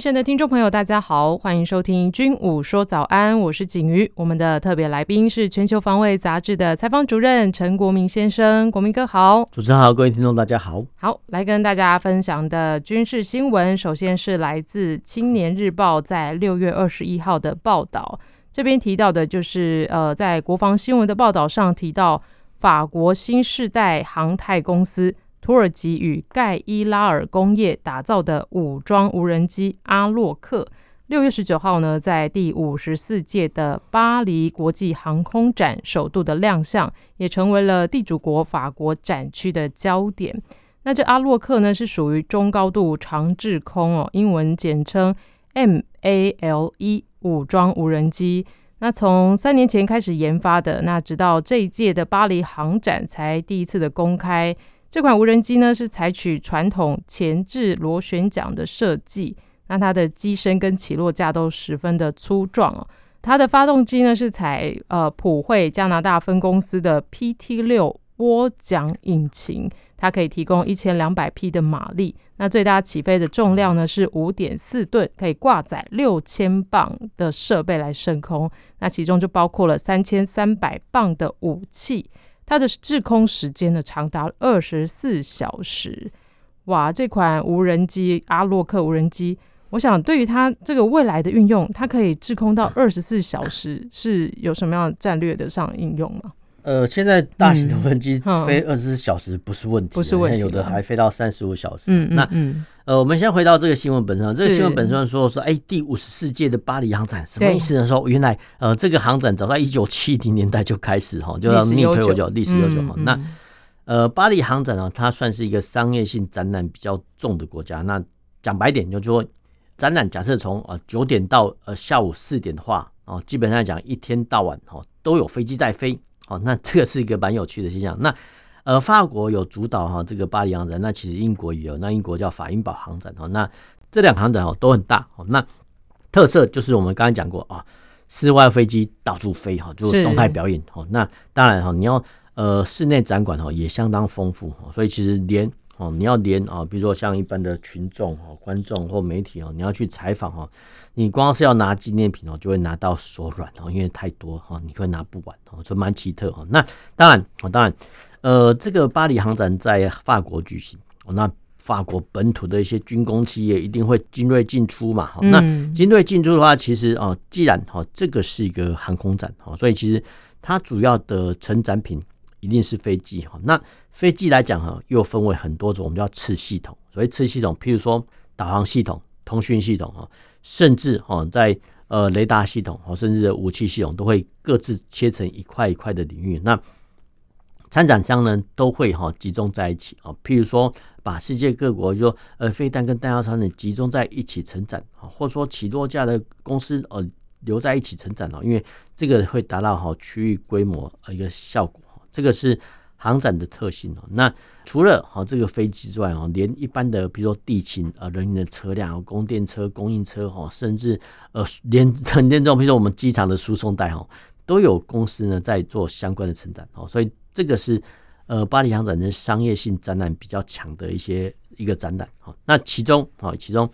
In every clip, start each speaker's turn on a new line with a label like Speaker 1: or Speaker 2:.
Speaker 1: 親愛的聽眾朋友，大家好，歡迎收聽《軍武說早安》，我是景瑜。我們的特別來賓是《全球防衛雜誌》的採訪主任陳國銘先生，國銘哥好。
Speaker 2: 主持人好，各位聽眾大家好，
Speaker 1: 好，來跟大家分享的軍事新聞，首先是來自《青年日報》在六月二十一號的報道這邊提到的就是呃，在國防新聞的報道上提到法國新世代航太公司。波爾吉與蓋伊拉爾工業打造的武裝無人機阿洛克，六月十九號呢，在第五十四屆的巴黎國際航空展首度的亮相，也成為了地主國法國展區的焦點。那這阿洛克呢，是屬於中高度長滯空哦，英文簡稱 M A L E 武裝無人機。那從三年前開始研發的，那直到這一屆的巴黎航展才第一次的公開。這款無人機呢，是採取傳統前置螺旋槳的設計，那它的機身跟起落架都十分的粗壯哦。它的發動機呢是採呃普惠加拿大分公司的 PT 六渦槳引擎，它可以提供一千兩百匹的馬力。那最大起飛的重量呢是五點四噸，可以掛載六千磅的設備來升空。那其中就包括了三千三百磅的武器。它的滯空時間呢，長達二十四小時，哇！這款無人機阿洛克無人機，我想對於它這個未來的運用，它可以滯空到二十四小時，是有什麼樣的戰略上的上應用呢？
Speaker 2: 呃，現在大型的飛機飛二十四小時不是問題，嗯，不是問題，有的還飛到三十五小時。嗯，那嗯嗯呃，我們先回到這個新聞本身。是這個新聞本身說說，哎、欸，第五十四屆的巴黎航展什麼意思呢？對說原來呃，這個航展早在一九七零年代就開始哈，歷史悠久，歷史悠久哈、嗯嗯。那呃，巴黎航展呢，啊，它算是一個商業性展覽比較重的國家。嗯，那講白點就是，說，展覽假設從呃九點到呃下午四點的話，啊，呃，基本上講一天到晚哈都有飛機在飛。哦，那這個是一個蠻有趣的現象。那呃，法國有主導哈、哦、這個巴黎航展，那其實英國也有，那英國叫法英堡航展哦。那這兩航展哦都很大哦。那特色就是我們剛剛講過啊、哦，室外飛機到處飛哈、哦，就是、動態表演是哦。那當然哈、哦，你要呃室內展館哈也相當豐富哦。所以其實連。哦，你要連啊，比如說像一般的群眾哦、觀眾或媒體哦，你要去採訪哦，你光是要拿紀念品哦，就會拿到手軟哦，因為太多哈、哦，你會拿不完哦，所以蠻奇特哈、哦。那當然哦，當然，呃，這個巴黎航展在法國舉行哦，那法國本土的一些軍工企業一定會精銳進出嘛哈。哦嗯、那精銳進出的話，其實哦，既然哈、哦、這個是一個航空展哦，所以其實它主要的成展品。一定是飛機哈，那飛機來講哈，又分為很多種，我們叫次系統。所謂次系統，譬如說導航系統、通訊系統啊，甚至哈在呃雷達系統啊，甚至武器系統，都會各自切成一塊一塊的領域。那參展商呢，都會哈集中在一起啊，譬如說把世界各國就說呃飛彈跟彈藥商呢集中在一起成長啊，或者說起落架的公司呃留在一起成長啊，因為這個會達到哈區域規模呃一個效果。這個是航展的特性哦。那除了哈這個飛機之外哦，連一般的比如說地勤啊、人員的車輛、供電車、供應車哈，甚至呃連很多比如說我們機場的輸送帶哈，都有公司呢在做相關的承擔哦。所以這個是呃巴黎航展的商業性展覽比較強的一些一個展覽哈。那其中啊，其中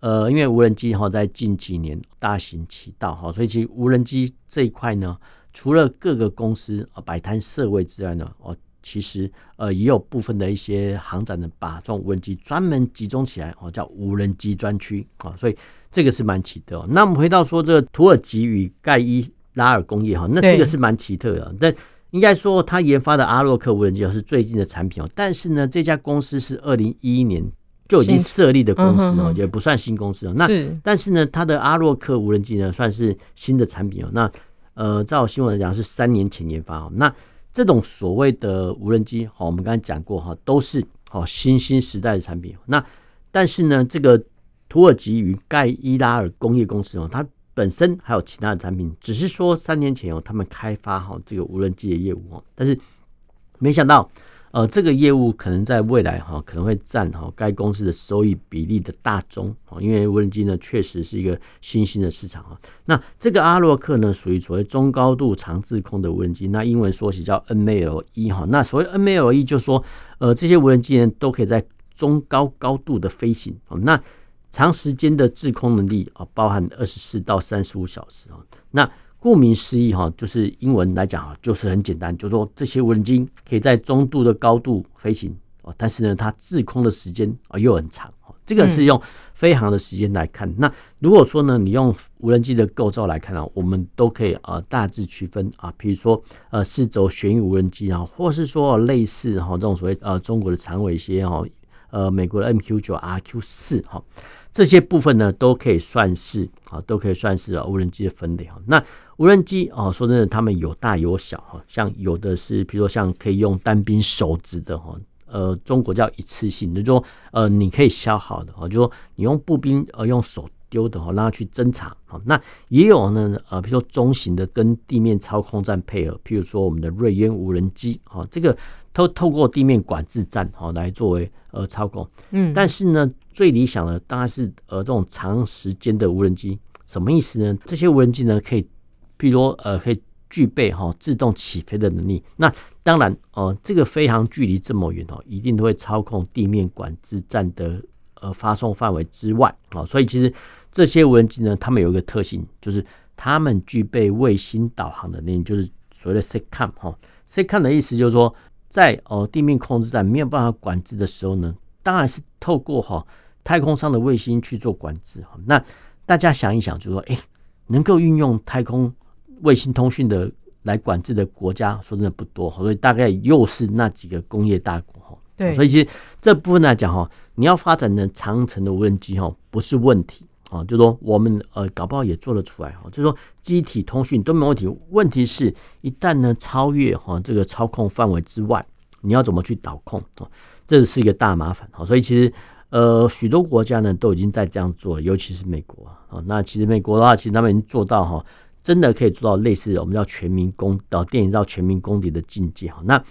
Speaker 2: 呃，因為無人機哈在近幾年大行其道哈，所以其實無人機這一塊呢。除了各個公司啊擺攤設位之外呢，哦，其實呃也有部分的一些航展呢，把這種無人機專門集中起來哦，叫無人機專區啊，所以這個是蠻奇特的。那我們回到說這個土耳其與蓋伊拉爾工業哈，那這個是蠻奇特的，對但應該說他研發的阿洛克無人機是最近的產品哦。但是呢，這家公司是二零一一年就已經設立的公司哦，是也不算新公司哦。是那但是呢，他的阿洛克無人機呢算是新的產品哦。那呃，在我新聞來講是三年前研發哦，那這種所謂的無人機，好，我們剛才講過哈，都是好新興時代的產品。那但是呢，這個土耳其與蓋伊拉爾工業公司哦，它本身還有其他的產品，只是說三年前哦，他們開發好這個無人機的業務哦，但是沒想到。呃，這個業務可能在未來哈、哦，可能會佔哈該公司的收益比例的大宗，啊、哦，因為無人機呢確實是一個新興的市場啊、哦。那這個阿洛克呢，屬於所謂中高度長滯空的無人機，那英文縮寫叫 MALE 哈、哦。那所謂 MALE 就是說，呃，這些無人機呢都可以在中高高度的飛行哦，那長時間的滯空能力啊、哦，包含二十四到三十五小時啊、哦。那顧名思義，哈，就是英文來講啊，就是很簡單，就是說這些無人機可以在中度的高度飛行，但是呢，它滯空的時間啊又很長，這個是用飛行的時間來看。那如果說呢，你用無人機的構造來看啊，我們都可以啊大致區分啊，比如說呃四軸旋翼無人機啊，或是說類似哈這種所謂呃中國的長尾蠍哦，呃美國的 MQ 九 RQ 四哈。這些部分呢，都可以算是啊，都可以算是啊，無人機的分類啊。那無人機啊，說真的，它們有大有小哈。像有的是，比如說像可以用單兵手指的哈，呃，中國叫一次性的，就是說呃，你可以消耗的啊，就是說你用步兵呃用手丟的哈，讓它去偵察。那也有呢，呃，比如說中型的跟地面操控站配合，譬如說我們的銳鳶無人機啊，這個。透透過地面管制站哦來作為呃操控，嗯，但是呢，最理想的當然是呃這種長時間的無人機，什麼意思呢？這些無人機呢可以，譬如說呃可以具備哈自動起飛的能力。那當然哦，這個飛航距離這麼遠哦，一定都會操控地面管制站的呃發送範圍之外啊，所以其實這些無人機呢，它們有一個特性，就是它們具備衛星導航的能力，就是所謂的 SATCOM 哈 SATCOM 的意思就是說。在哦，地面控制站沒有辦法管制的時候呢，當然是透過哈太空上的衛星去做管制哈。那大家想一想就是，就說哎，能夠運用太空衛星通訊的來管制的國家，說真的不多，所以大概又是那幾個工業大國哈。對，所以其實這部分來講哈，你要發展的長程的無人機哈，不是問題。啊，就是說我們呃，搞不好也做得出來哈。就是、說機體通訊都沒問題，問題是，一旦呢超越哈、啊、這個操控範圍之外，你要怎麼去導控啊？這是一個大麻煩哈、啊。所以其實呃，許多國家呢都已經在這樣做，尤其是美國啊。那其實美國的話，其實他們已經做到哈、啊，真的可以做到類似我們叫全民公導、啊、電影叫全民公敵的境界哈、啊。那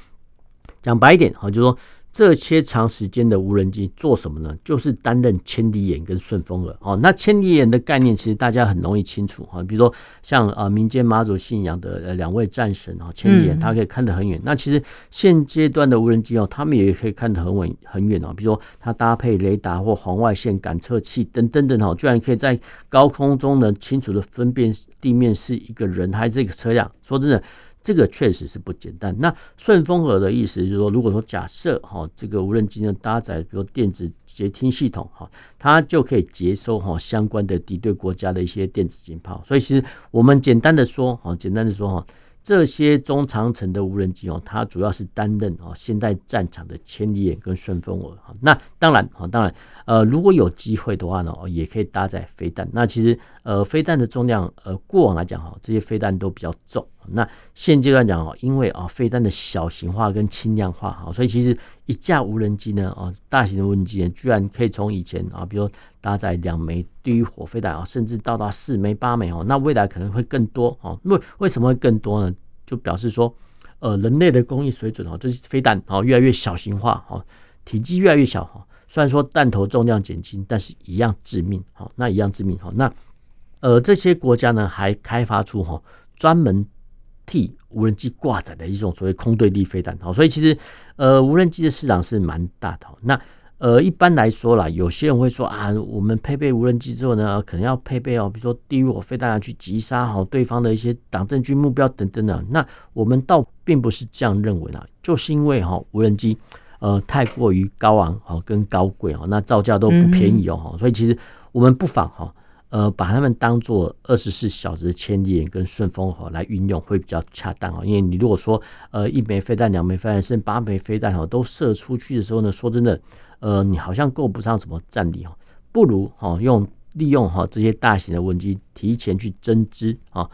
Speaker 2: 講白一點哈、啊，就是、說。這些長時間的無人機做什麼呢？就是擔任千里眼跟順風耳哦。那千里眼的概念其實大家很容易清楚哈，比如說像啊民間媽祖信仰的兩位戰神，千里眼他可以看得很遠。嗯、那其實現階段的無人機哦，他們也可以看得很遠很遠哦。比如說它搭配雷達或紅外線感測器等等等居然可以在高空中能清楚的分辨地面是一個人還是一個車輛。說真的。這個確實是不簡單。那順風耳的意思就是說，如果說假設哈，這個無人機呢搭載比如電子監聽系統哈，它就可以接收哈相關的敵對國家的一些電子信號。所以其實我們簡單的說哈，簡單的說哈，這些中長程的無人機哦，它主要是擔任哦現代戰場的千里眼跟順風耳。那當然哈，當然呃，如果有機會的話呢，也可以搭載飛彈。那其實呃，飛彈的重量呃，過往來講哈，這些飛彈都比較重。那現階段講哦，因為啊，飛彈的小型化跟輕量化哈，所以其實一架無人機呢，哦，大型的無人機居然可以從以前啊，比如搭載兩枚地獄火飛彈啊，甚至到達四枚、八枚哦，那未來可能會更多哦。為為什麼會更多呢？就表示說，呃，人類的工藝水準哦，就是飛彈哦，越來越小型化哦，體積越來越小哈。雖然說彈頭重量減輕，但是一樣致命哦。那一樣致命哦。那呃，這些國家呢，還開發出哈，專門。替無人機掛載的一種所謂空對地飛彈，好，所以其實，呃，無人機的市場是蠻大的。那呃，一般來說啦，有些人會說啊，我們配備無人機之後呢、呃，可能要配備哦，比如說地獄火飛彈去擊殺好對方的一些黨政軍目標等等，那我們倒並不是這樣認為啊，就是因為哈，無人機呃太過於高昂哦，跟高貴哦，那造價都不便宜哦，嗯、哼所以其實我們不妨哈。呃，把它們當做二十四小時千里眼跟順風耳來運用會比較恰當哦。因為你如果說呃一枚飛彈兩枚飛彈甚至八枚飛彈吼都射出去的時候呢，說真的，呃，你好像夠不上什麼戰力哦，不如吼用,用利用哈這些大型的無人機提前去偵知啊。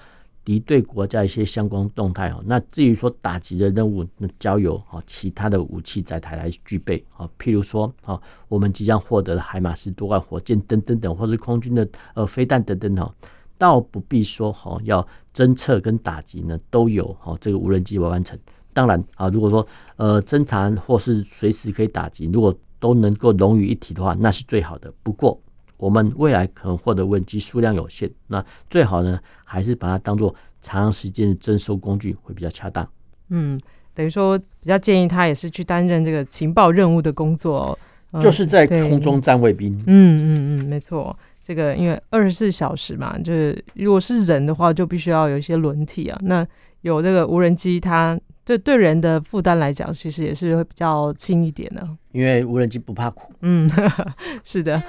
Speaker 2: 敵對國家一些相關動態哦，那至於說打擊的任務，那交由啊其他的武器載台來具備啊，譬如說啊，我們即將獲得的海馬斯多管火箭等等等，或是空軍的呃飛彈等等啊，倒不必說哈，要偵測跟打擊呢都有啊，這個無人機來完成。當然啊，如果說呃偵察或是隨時可以打擊，如果都能夠融為一體的話，那是最好的。不過。我們未來可能獲得無人機數量有限，那最好呢，還是把它當做長時間的偵蒐工具會比較恰當。
Speaker 1: 嗯，等於說比較建議他也是去擔任這個情報任務的工作、哦，嗯、就是在空中
Speaker 2: 站衛兵。嗯嗯嗯，
Speaker 1: 嗯，沒錯，這個因為二十四小時嘛，就是如果是人的話，就必須要有一些輪替啊。那有這個無人機，它這對人的負擔來講，其實也是會比較輕一點的、
Speaker 2: 啊。因為無人機不怕苦。嗯，
Speaker 1: 是的。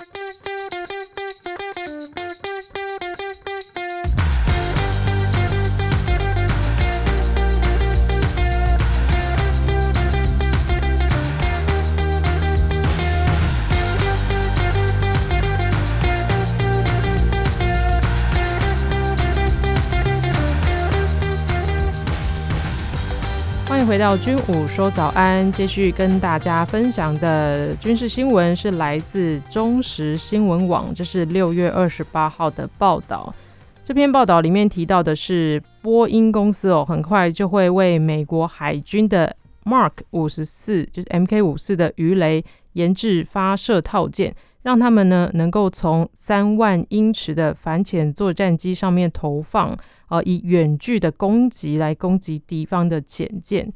Speaker 1: 回到軍武說早安，繼續跟大家分享的軍事新聞是來自中時新聞網，這就是六月二十八號的報道這篇報道裡面提到的是波音公司哦，很快就會為美國海軍的 Mark 五十四，就是 MK 五四的魚雷研制發射套件。讓他們呢能夠從三萬英尺的反潛作戰機上面投放，呃，以遠距的攻擊來攻擊敵方的潛艦。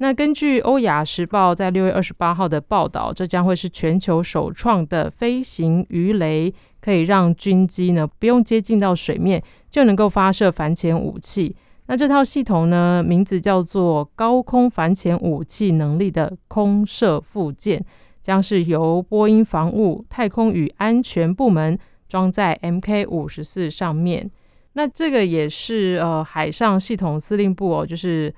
Speaker 1: 那根據《歐亞時報》在六月二十八號的報道，這將會是全球首創的飛行魚雷，可以讓軍機呢不用接近到水面就能夠發射反潛武器。那這套系統呢，名字叫做“高空反潛武器能力”的空射附件。將是由波音防務、太空與安全部門裝在 MK 五十四上面，那這個也是呃海上系統司令部哦，就是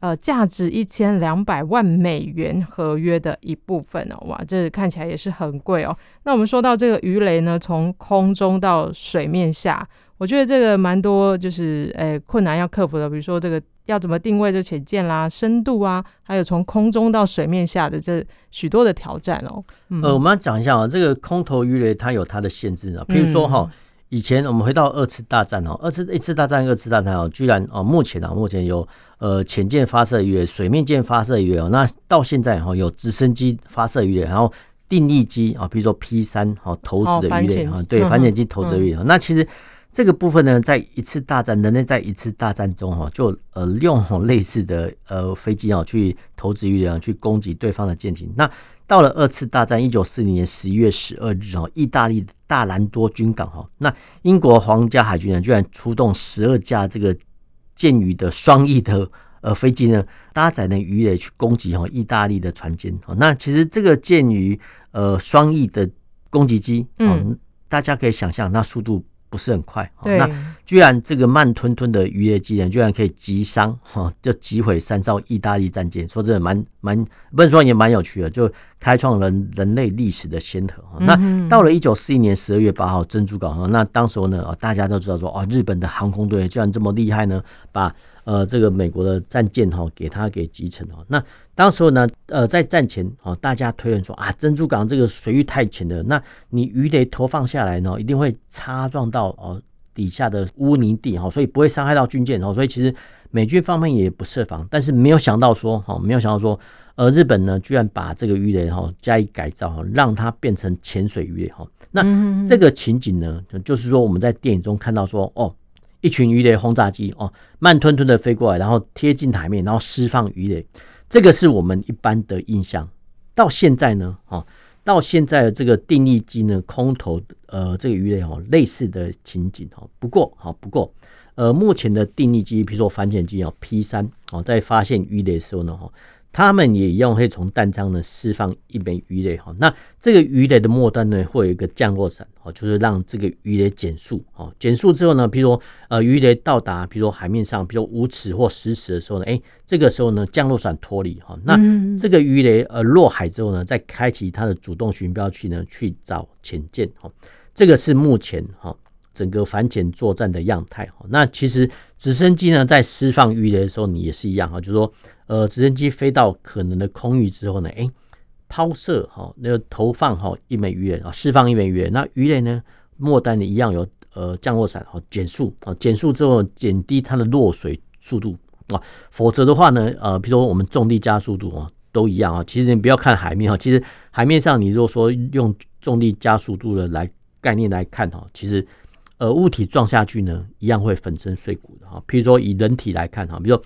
Speaker 1: 呃價值一千兩百萬美元合約的一部分哦，哇，這看起來也是很貴哦。那我們說到這個魚雷呢，從空中到水面下，我覺得這個蠻多就是呃、哎、困難要克服的，比如說這個。要怎麼定位就潛艦啦、深度啊，還有從空中到水面下的這許多的挑戰哦。嗯、呃，我
Speaker 2: 們要講一下啊，這個空投魚雷它有它的限制啊。譬如說哈，以前我們回到二次大戰哦，二次一次大戰、二次大戰哦、啊，居然哦、啊，目前啊，目前有呃潛艦發射魚雷、水面艦發射魚雷哦。那到現在哈，有直升機發射魚雷，然後定翼機啊，比如說 P 三哈投擲的魚雷、哦、啊，對，反潛機投擲魚雷。嗯嗯嗯那其實。這個部分呢，在一次大戰，人類在一次大戰中哦，就呃用、哦、類似的呃飛機哦去投擲魚雷去攻擊對方的艦艇。那到了二次大戰，一九四零年十一月十二日哦，意大利大蘭多軍港哦，那英國皇家海軍呢居然出動十二架這個劍魚的雙翼的呃飛機呢，搭載呢魚雷去攻擊哦意大利的船艦。哦，那其實這個劍魚呃雙翼的攻擊機，嗯、哦，大家可以想象那速度。不是很快，對那居然這個慢吞吞的魚雷機，居然可以擊傷，哈，就擊毀三艘意大利戰艦。說真的，蠻蠻不能說也蠻有趣的，就開創了人，人類歷史的先河。嗯、哼那到了一九四一年十二月八號珍珠港，那當時呢，大家都知道說，啊、哦，日本的航空隊居然這麼厲害呢，把。呃，這個美國的戰艦哈、哦，給他給擊沉哦。那當時呢，呃，在戰前哈、哦，大家推論說啊，珍珠港這個水域太淺了，那你魚雷投放下來呢，一定會擦撞到哦底下的汙泥地哈、哦，所以不會傷害到軍艦哦。所以其實美軍方面也不設防，但是沒有想到說哈、哦，沒有想到說，呃，日本呢居然把這個魚雷哈、哦、加以改造，讓它變成潛水魚雷哈、哦。那這個情景呢，嗯嗯就是說我們在電影中看到說哦。一群魚雷轟炸機哦，慢吞吞的飛過來，然後貼近海面，然後釋放魚雷。這個是我們一般的印象。到現在呢，哈，到現在這個定翼機呢，空投呃這個魚雷哦，類似的情景哦。不過哈，不過呃，目前的定翼機，比如說反潛機哦，P 三哦，在發現魚雷的時候呢，哈。他們也一樣會從彈倉呢釋放一枚魚雷哈，那這個魚雷的末端呢會有一個降落傘哦，就是讓這個魚雷減速哦，減速之後呢，譬如說呃魚雷到達比如說海面上譬如說五尺或十尺的時候呢，哎、欸，這個時候呢降落傘脫離哈，那這個魚雷呃落海之後呢，再開啟它的主動尋標器呢去找潛艦哈，這個是目前哈。整個反潛作戰的樣態哈，那其實直升機呢在釋放魚雷的時候，你也是一樣哈，就是說呃直升機飛到可能的空域之後呢，哎、欸、拋射哈，那個投放哈一枚魚雷啊，釋放一枚魚雷，那魚雷呢末端一樣有呃降落傘哈減速啊，減速之後減低它的落水速度啊，否則的話呢呃比如說我們重力加速度啊都一樣啊，其實你不要看海面啊，其實海面上你如果說用重力加速度的來概念來看哈，其實。呃，物體撞下去呢，一樣會粉身碎骨的哈。譬如說，以人體來看哈，比如說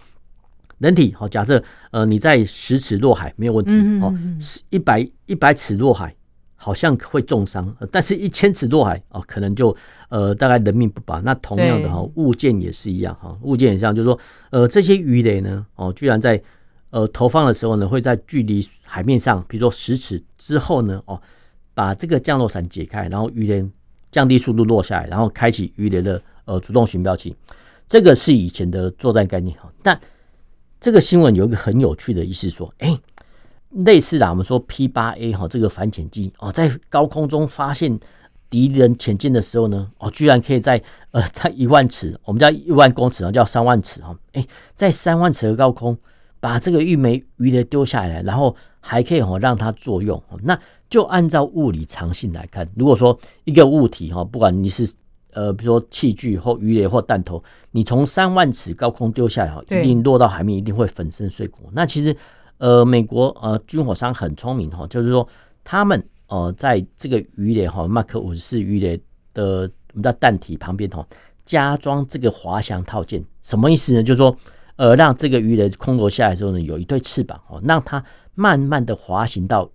Speaker 2: 人體好，假設呃，你在十尺落海沒有問題哦，一百一百尺落海好像會重傷，但是一千尺落海哦，可能就呃，大概人命不保。那同樣的哈，物件也是一樣哈，對物件也是一樣，就是說，呃，這些魚雷呢，哦，居然在呃投放的時候呢，會在距離海面上，譬如說十尺之後呢，哦，把這個降落傘解開，然後魚雷。降低速度落下來，然後開啟魚雷的呃主動尋標器，這個是以前的作戰概念哈。但這個新聞有一個很有趣的意思說，哎，類似啊，我們說 P8A 哈，這個反潛機哦，在高空中發現敵人潛艦的時候呢，哦，居然可以在呃它一萬尺，我們叫一萬公尺啊，叫三萬尺哈，哎、哦，在三萬尺的高空，把這個一枚魚雷魚雷丟下來，然後還可以讓它作用。那就按照物理常性來看，如果說一個物體哈，不管你是呃，比如說器具或魚雷或彈頭，你從三萬尺高空丟下來哈，一定落到海面，一定會粉身碎骨。對那其實呃，美國呃軍火商很聰明哈，就是說他們、呃、在這個魚雷哈，馬克五十四魚雷的我們叫彈體旁邊哈，加裝這個滑翔套件，什麼意思呢？就是說。而讓這個魚雷空投下來之後呢，有一對翅膀哦，讓它慢慢的滑行到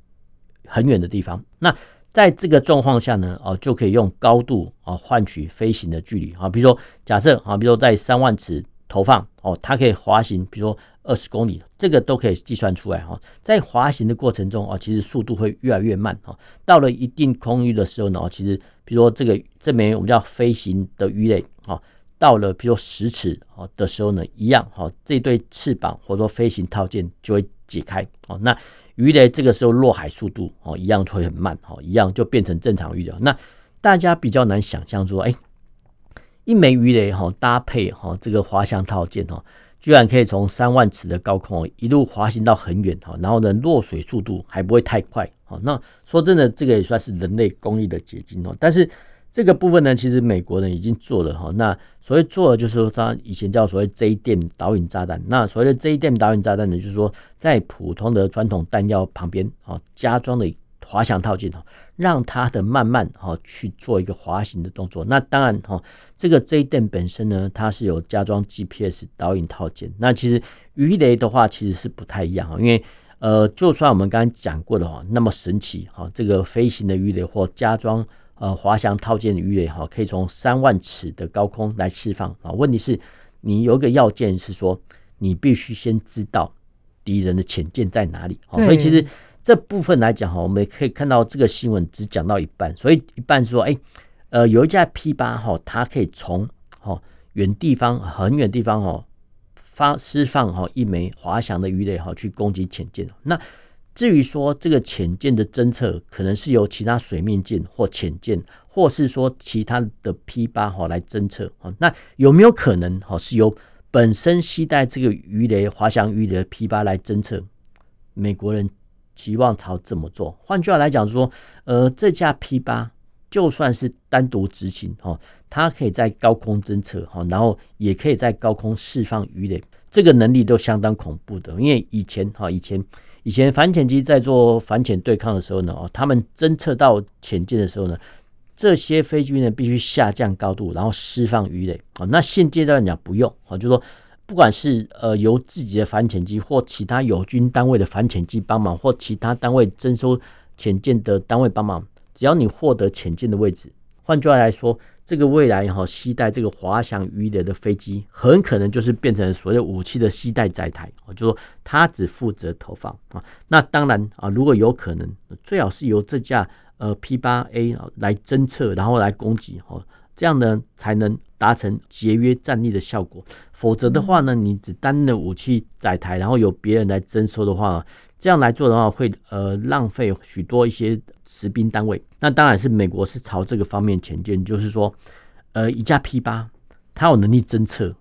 Speaker 2: 很遠的地方。那在這個狀況下呢，哦，就可以用高度啊換、哦、取飛行的距離啊、哦。比如說，假設啊、哦，比如說在三萬尺投放哦，它可以滑行，比如說二十公里，這個都可以計算出來哈、哦。在滑行的過程中啊、哦，其實速度會越來越慢啊、哦。到了一定空域的時候呢、哦，其實比如說這個這枚我們叫飛行的魚雷啊。哦到了，比如十尺哦的時候呢，一樣哦，這對翅膀或者說飛行套件就會解開哦。那魚雷這個時候落海速度哦，一樣會很慢，一樣就變成正常魚了。那大家比較難想象說，哎、欸，一枚魚雷搭配這個滑翔套件哦，居然可以從三萬尺的高空哦一路滑行到很遠，然後呢，落水速度還不會太快哦。那說真的，這個也算是人類工藝的結晶哦，但是。這個部分呢，其實美國人已經做了哈。那所謂做的就是說，它以前叫所謂 J 彈導引炸彈。那所謂的 J 彈導引炸彈呢，就是說在普通的傳統彈藥旁邊啊，加裝的滑翔套件哈，讓它的慢慢哈去做一個滑行的動作。那當然哈，這個 J 彈本身呢，它是有加裝 GPS 導引套件。那其實魚雷的話，其實是不太一樣，因為呃，就算我們剛才講過的哈，那麼神奇哈，這個飛行的魚雷或加裝。呃，滑翔套件的魚雷哈，可以從三萬尺的高空來釋放啊。問題是，你有一個要件是說，你必須先知道敵人的潛艦在哪裡。所以，其實這部分來講哈，我們也可以看到這個新聞只講到一半。所以一半是說，誒、欸、呃，有一架 P 八哈，它可以從遠、哦、地方、很遠地方哦發釋放一枚滑翔的魚雷哈去攻擊潛艦。那至於說這個潛艦的偵測，可能是由其他水面艦或潛艦，或是說其他的 P 八哈來偵測哈。那有沒有可能哈，是由本身攜帶這個魚雷、滑翔魚雷的 P 八來偵測？美國人期望朝這麼做。換句話來講說，呃，這架 P 八就算是單獨執行哈，它可以在高空偵測哈，然後也可以在高空釋放魚雷，這個能力都相當恐怖的。因為以前哈，以前。以前反潛機在做反潛對抗的時候呢，哦，他們偵測到潛艦的時候呢，這些飛機呢必須下降高度，然後釋放魚雷啊。那現階段來講不用啊，就說，不管是呃由自己的反潛機或其他友軍單位的反潛機幫忙，或其他單位徵收潛艦的單位幫忙，只要你獲得潛艦的位置，換句話來說。這個未來哈，攜帶這個滑翔魚雷的飛機很可能就是變成所謂武器的攜帶載台，就說它只負責投放啊。那當然啊，如果有可能，最好是由這架呃 P 八 A 啊來偵測，然後來攻擊哦，這樣呢才能達成節約戰力的效果。否則的話呢，你只擔任武器載台，然後由別人來偵蒐的話，這樣來做的話會呃浪費許多一些實兵單位。那當然是美國是朝這個方面前進，就是說，呃，一架 P 八，它有能力偵測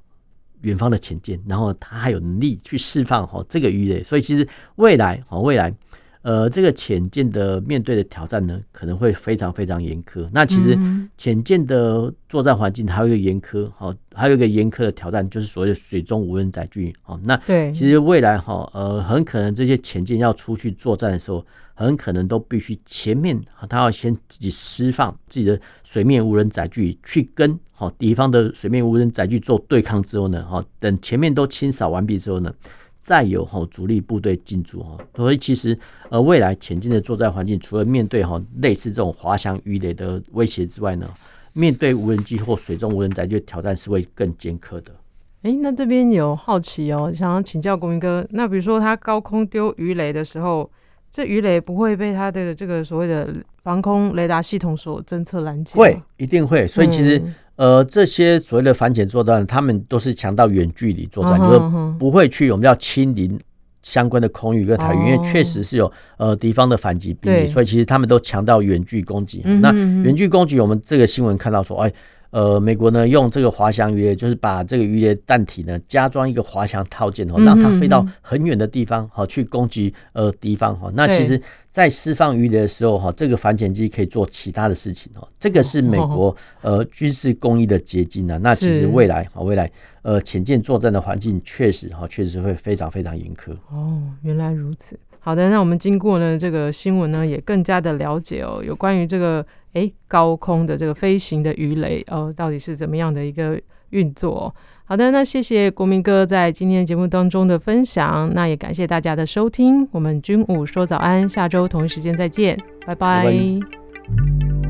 Speaker 2: 遠方的潛艦，然後它還有能力去釋放吼這個魚雷，所以其實未來吼未來。呃，這個潛艦的面對的挑戰呢，可能會非常非常嚴苛。那其實潛艦的作戰環境還有一個嚴苛，好，還有一個嚴苛的挑戰就是所謂的水中無人載具。好，那其實未來哈，呃，很可能這些潛艦要出去作戰的時候，很可能都必須前面他要先自己釋放自己的水面無人載具去跟好敵方的水面無人載具做對抗之後呢，哈，等前面都清掃完畢之後呢，再有哈主力部隊進駐哈，所以其實呃未來前進的作戰環境，除了面對哈類似這種滑翔魚雷的威脅之外呢，面對無人機或水中無人載具挑戰是會更尖刻的。
Speaker 1: 誒、欸，那這邊有好奇哦，想要請教國銘哥，那比如說他高空丟魚雷的時候，這魚雷不會被他的這個所謂的防空雷達系統所偵測攔截，啊？會，
Speaker 2: 一定會。所以其實、嗯。呃，這些所謂的反潛作戰，他們都是強調遠距離作戰，oh、就是不會去我們要親臨相關的空域跟海域，oh、因為確實是有呃敵方的反擊兵力，oh、所以其實他們都強調遠距攻擊。對 那遠距攻擊，我們這個新聞看到說，哎。呃，美國呢用這個滑翔魚雷，就是把這個魚雷彈體呢加裝一個滑翔套件哦，那它飛到很遠的地方好、嗯嗯嗯、去攻擊呃敵方哈。那其實在釋放魚雷的時候哈，對這個反潛機可以做其他的事情哦。這個是美國、哦哦、呃軍事工藝的結晶、啊、是那其實未來未來呃潛艦作戰的環境確實哈，確實會非常非常嚴苛。
Speaker 1: 哦，原來如此。好的，那我們經過呢這個新聞呢，也更加的了解哦，有關於這個誒高空的這個飛行的魚雷哦，到底是怎麼樣的一個運作？好的，那謝謝國銘哥在今天節目當中的分享，那也感謝大家的收聽，我們軍武說早安，下周同一時間再見，拜拜。拜拜。